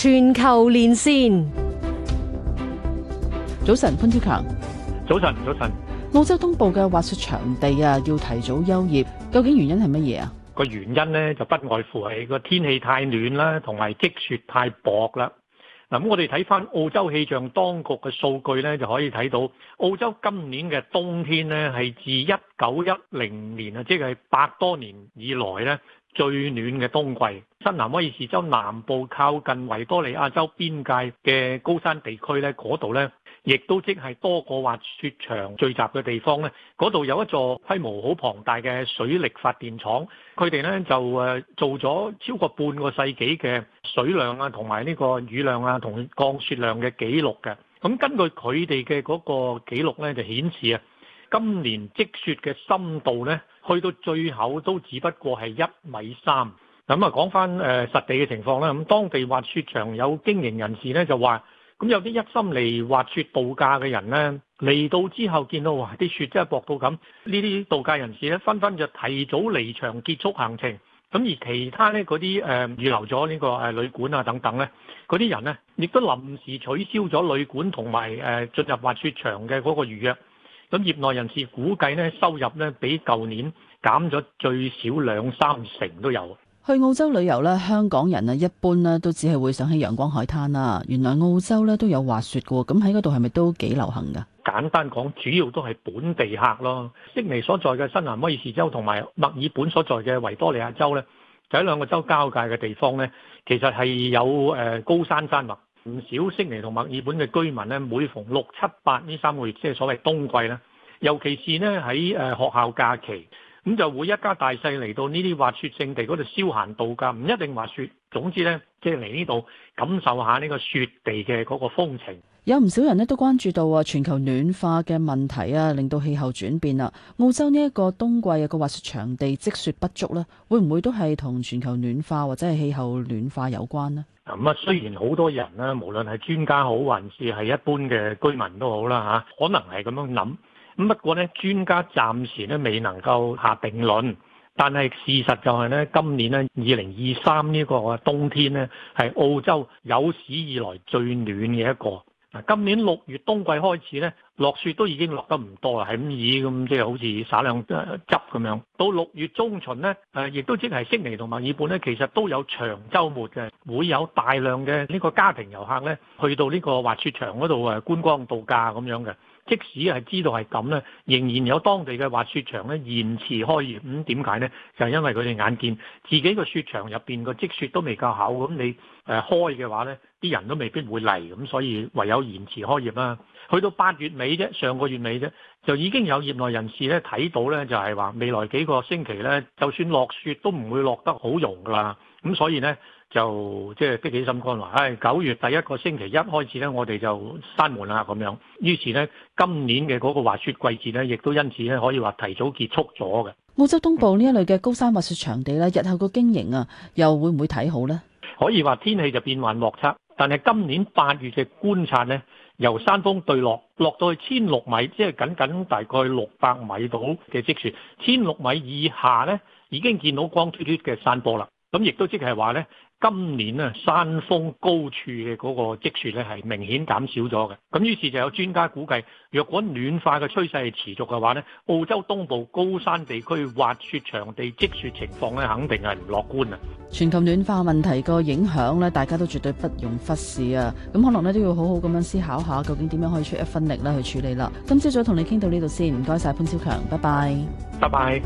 全球連線，早晨潘昭強。早晨，早晨。澳洲東部嘅滑雪場地啊，要提早休業，究竟原因係乜嘢啊？個原因咧就不外乎係個天氣太暖啦，同埋積雪太薄啦。嗱，咁我哋睇返澳洲氣象當局嘅數據咧，就可以睇到澳洲今年嘅冬天咧係自一九一零年啊，即係百多年以來咧。最暖嘅冬季，新南威爾士州南部靠近維多利亞州邊界嘅高山地區咧，嗰度咧，亦都即係多個滑雪場聚集嘅地方咧。嗰度有一座規模好龐大嘅水力發電廠，佢哋咧就誒做咗超過半個世紀嘅水量啊，同埋呢個雨量啊，同降雪量嘅記錄嘅。咁根據佢哋嘅嗰個記錄咧，就顯示啊～今年積雪嘅深度呢，去到最後都只不過係一米三。咁啊，講翻誒實地嘅情況啦。咁當地滑雪場有經營人士呢，就話，咁有啲一心嚟滑雪度假嘅人呢，嚟、嗯、到之後見到話啲雪真係薄到咁，呢啲度假人士呢，紛紛就提早離場結束行程。咁而其他呢，嗰啲誒預留咗呢個旅館啊等等呢，嗰啲人呢，亦都臨時取消咗旅館同埋誒進入滑雪場嘅嗰個預約。咁業內人士估計咧，收入咧比舊年減咗最少兩三成都有。去澳洲旅遊咧，香港人啊，一般啊都只係會想去陽光海灘啦。原來澳洲咧都有滑雪嘅，咁喺嗰度係咪都幾流行噶？簡單講，主要都係本地客咯。悉尼所在嘅新南威爾士州同埋墨爾本所在嘅維多利亞州咧，就喺兩個州交界嘅地方咧，其實係有誒高山山脈。唔少悉尼同墨爾本嘅居民咧，每逢六七八呢三個月，即係所謂冬季啦，尤其是咧喺學校假期，咁就會一家大細嚟到呢啲滑雪勝地嗰度消閒度假，唔一定滑雪，總之咧即係嚟呢度，就是，感受下呢個雪地嘅嗰個風情。有唔少人咧都關注到啊，全球暖化嘅問題啊，令到氣候轉變啦。澳洲呢一個冬季啊個滑雪場地積雪不足呢，會唔會都係同全球暖化或者係氣候暖化有關呢？咁啊，雖然好多人咧，無論係專家好還是係一般嘅居民都好啦嚇，可能係咁樣諗。咁不過呢，專家暫時咧未能夠下定論。但係事實就係呢，今年呢，二零二三呢個冬天呢，係澳洲有史以來最暖嘅一個。嗱，今年六月冬季開始咧，落雪都已經落得唔多啦，係咁以咁即係好似撒兩汁咁樣。到六月中旬咧，誒亦都即係悉尼同墨爾本咧，其實都有長週末嘅，會有大量嘅呢個家庭遊客咧，去到呢個滑雪場嗰度誒觀光度假咁樣嘅。即使係知道係咁咧，仍然有當地嘅滑雪場咧延遲開業。咁點解咧？就係因為佢哋眼見自己個雪場入面個積雪都未夠厚，咁你誒開嘅話咧。啲人都未必會嚟，咁所以唯有延遲開業啦。去到八月尾啫，上個月尾啫，就已經有業內人士咧睇到咧，就係話未來幾個星期咧，就算落雪都唔會落得好融噶啦。咁所以咧就即係激起心肝話，唉，九月第一個星期一開始咧，我哋就閂門啦咁樣。於是咧，今年嘅嗰個滑雪季節咧，亦都因此咧可以話提早結束咗嘅。澳洲東部呢一類嘅高山滑雪場地咧，日後個經營啊，又會唔會睇好咧？可以話天氣就變幻莫測。但係今年八月嘅觀察呢，由山峰對落落到去千六米，即係僅僅大概六百米到嘅積雪，千六米以下呢，已經見到光脫脫嘅山坡啦。咁亦都即係話呢。今年啊，山峰高處嘅嗰個積雪咧，係明顯減少咗嘅。咁於是就有專家估計，若果暖化嘅趨勢持續嘅話咧，澳洲東部高山地區滑雪場地積雪情況咧，肯定係唔樂觀啊！全球暖化問題個影響咧，大家都絕對不容忽視啊！咁可能咧都要好好咁樣思考下，究竟點樣可以出一分力啦去處理啦。今朝早同你傾到呢度先，唔該晒。潘昭強，拜拜，拜拜。